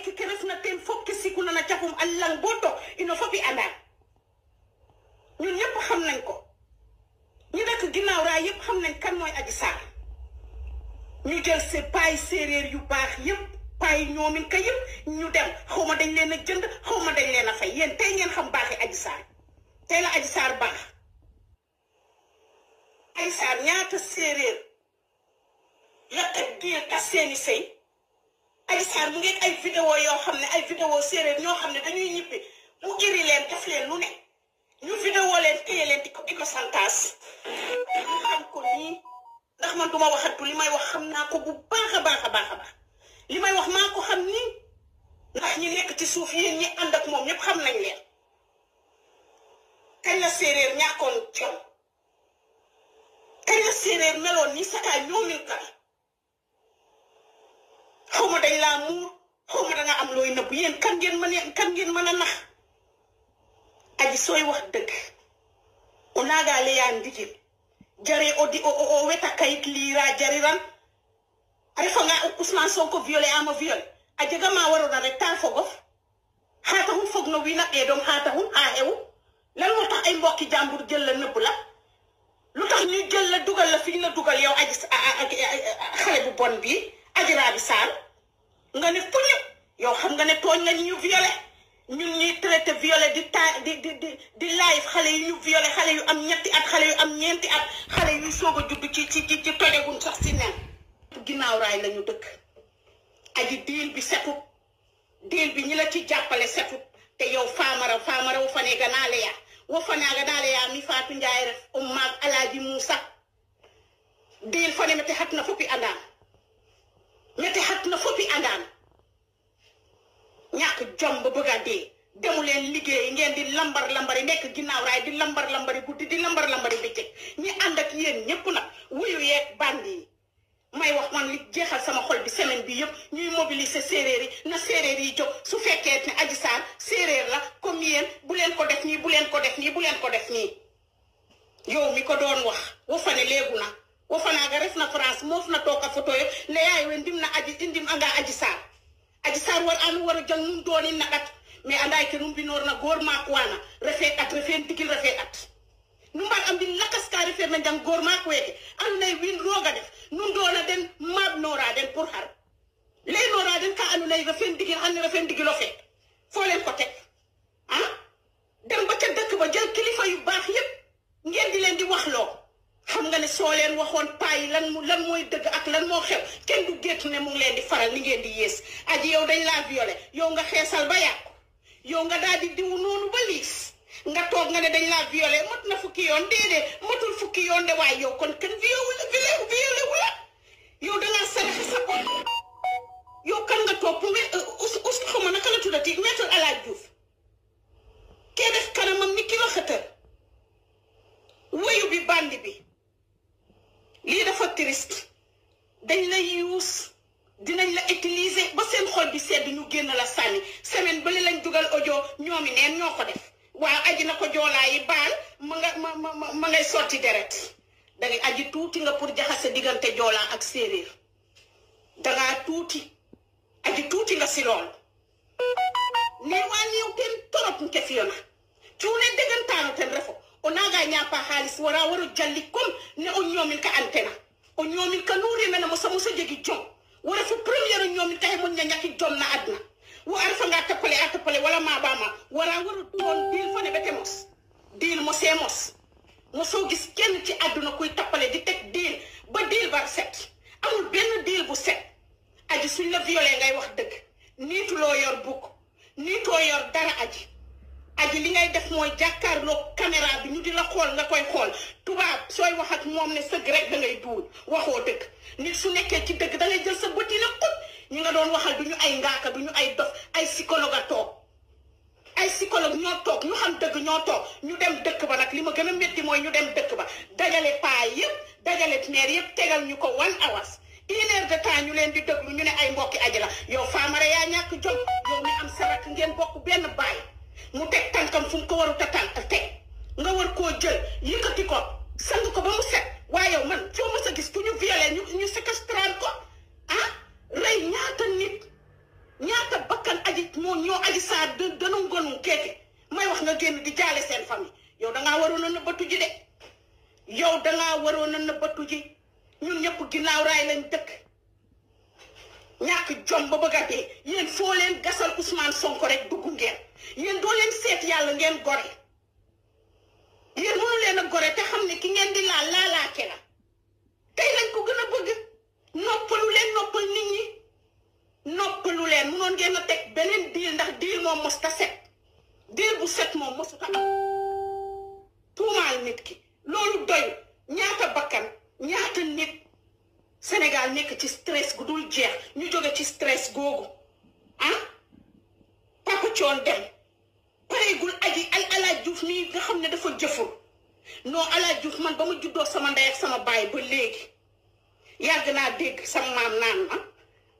leyki keresnaten fof ke sikulana cafum allahn goto ino fofi ana ñun ñëpp xam nañ ko ñu nekk ginnaaw raay yëpp xam nañ kan mooy aji saar ñu séeréer yu baax yëpp paay ñu dem xaw ma dañ leen a jënd xaw ma dañ leen a fay yéen tey ngeen xam baaxi aji saar tey la aji saar baax aji saar ñaata séeréer la teg diir tas seeni sëy Adji Sarr mu ngeeg ay vidéo yoo xam ne ay vidéo séeréer ñoo xam ne dañuy ñibbi mu giri leen def leen lu ne ñu vidéo leen téye leen di ko di ko santaas ñu xam ko nii ndax man duma waxatu li may wax xam naa ko bu baax a baax a baax a li may wax maa ko xam nii ndax ñi nekk ci suuf yéen ñi ànd ak moom ñëpp xam nañ leen kañ la séeréer ñàkkoon jom kañ la séeréer meloon ni sakaay ñoomin kar xaw ma dañ laa muur xaw am looy nëbb yéen ngeen mën kan ngeen mën a nax aji sooy wax yaa ndijil jare o di o weta kayit liira jariran a refa nga Ousmane no wiin a ɓeedong xa taxun xa xewu lan moo tax ay mbokki jàmbur jël la nëbb la lu tax ñu jël la dugal la fi la dugal yow aji xale bu bon bii Adji Raby Sarr nga ne fële yow xam nga ne tooñ nga ñu violé ñun ñuy traité violé di taa di di di live xale yu ñu violé xale yu am ñetti at xale yu am ñeenti at xale yu soog ci ci ci tojegun sax si nen ginnaaw raay lañu dëkk aji diil bi setut diil bi ñi la ci jàppale setut te yow faamara faamara wa fane ganaale yaa wa fanaaga daale yaa mi faatu njaay ref um maag alaaji muusa diil fane ma te xat na fukki andaam daangaan ñàkk jom ba bëgg a dee demu leen liggéey ngeen di lambar lambari nekk ginnaaw raay di lambar lambari guddi di lambar lambari bëccëg ñi ànd ak yéen ñépp nag wuyu yeeg bànd yi may wax man li jeexal sama xol bi semaine bi yëpp ñuy mobiliser séeréer yi na séeréer yi jóg su fekkee ne Adji séeréer la comme yéen bu leen ko def nii bu leen ko def nii bu leen ko def nii yow mi ko doon wax wa fane léegu na wofanaaga refna France moofna toka fotoyo layaye we ndimna aji ndim anga aji sar aji sar war an wara jang num doonin na ɗat mais anda ke num mbinorna goor maak wana refe ɗat refe ndigil refe ɗat nu mbar a mbin lakas ka refe na jang goor maak weeke andu naye wiin rooga def nu doona den maabnora den pour xar leynora den ka andu naye refe ndigil xanne refe ndigilo fe fo leen ko teg ah ba ca kilifa yu baax yépp ngeen di leen di waxloo xam nga ne soo leen waxoon payi lan lan mooy dëgg ak lan moo xew kenn du gétt ne mu leen di faral ni ngeen di yées aji yow dañ laa violé yow nga xeesal ba yàqu yow nga daal di diw noonu ba liis nga toog nga ne dañ laa violé mat na fukki yoon déedéet matul fukki yoon de waaye yow kon kenn violé violé wu la yow dangaa saraxe sa bopp yow kan nga topp me euh, us us xaw ma naka la tuddati maître kee def kanamam ni ki la xëtër wéyu bi bandi bi lii dafa triste dañ la yuus dinañ la utiliser ba seen xol bi sedd ñu génn la sànni semaine ba lañ dugal audio ñoomi neen ñoo ko def waaw aji na ko joolaa yi baal ma nga ma ma ngay sotti deret danga aji tuuti nga pour jaxase diggante joolaa ak séeréer dangaa tuuti aji tuuti nga si lool ne waa yow torop nke fiyo na cuune dëggantaanu ten refo onaga ñapa haalis a waro jalli comme ne o ñoomin ka antena o ñoomin ka nuurinana mo samusa jogi jom wara fo premiére o ñoomin tahe mo ñañaki jom na adna wo ar fanga toppale a toppale wala ma bama wara waro toon diil fo ne ɓete mos diil mo seemos mo soo gis kenn ci adduna kuy tappale di teg diil ba diil bar set amul benn diil bu set aji suñ la violé ngay wax dëgg niituloo yor bukk niitoo yor dara aji aji li ngay def mooy jàkkaarloo caméra bi ñu di la xool nga koy xool tubaab sooy wax ak moom ne sëg rek da ngay duul waxoo dëgg nit su nekkee ci dëgg da jël sa bët yi la xut nga doon waxal du ñu ay ngaaka du ñu ay dof ay psychologue a toog ay psychologue ñoo toog ñu xam dëgg ñoo toog ñu dem dëkk ba nag li ma gën a métti mooy ñu dem dëkk ba dajale paa yëpp dajale maire yëpp tegal ñu ko one hours une temps ñu leen di déglu ñu ne ay mbokki aji la yow faamara yaa ñàkk jom yow mi am sarak ngeen bokk benn baay mu teg tànkam fu mu ko waru teg teg nga war koo jël yëkkati ko sang ko ba mu set waaye yow man foo mës a gis fu ñu violé ñu ñu ko ah rey ñaata nit ñaata bakkan aji moo ñoo aji saa de dana ngonu keeke may wax nga génn di jaale seen famille yow dangaa waroon a nëbbatu ji de yow dangaa waroon a nëbbatu ji ñu ñëpp ginnaaw raay lañ dëkk ñàkk jom ba bëgg a dee foo leen gasal Ousmane Sonko rek dugg ngeen yéen doo leen seet yàlla ngeen gore yéen mënu leen a gore te xam ne ki ngeen di laal laalaake la tey lañ ko gën a bëgg noppalu leen noppal nit ñi noppalu leen mënoon ngeen a teg beneen diir ndax diir moom mos ta set diir bu set moom mosut a am tuumaal nit ki loolu doy ñaata bakkan ñaata nit senegal nekk ci stress gu dul jeex ñu jóge ci stress googu ah Papa Thione dem pareegul aji ay Alaaji Diouf mii nga xam ne dafa jëful non Alaaji Diouf man ba ma juddoo sama ndey sama baay ba léegi yàgg naa dégg sama maam naan ma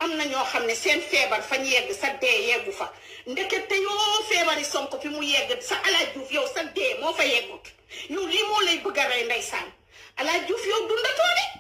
am na ñoo xam ne seen feebar fañ yegg sa dee yeggu fa ndeket te yoo feebari Sonko fi mu yegg sa Alaaji Diouf yow sa dee moo fa yeggut yow lii moo lay bëgg a rey ndeysaan Alaaji yow dundatoo de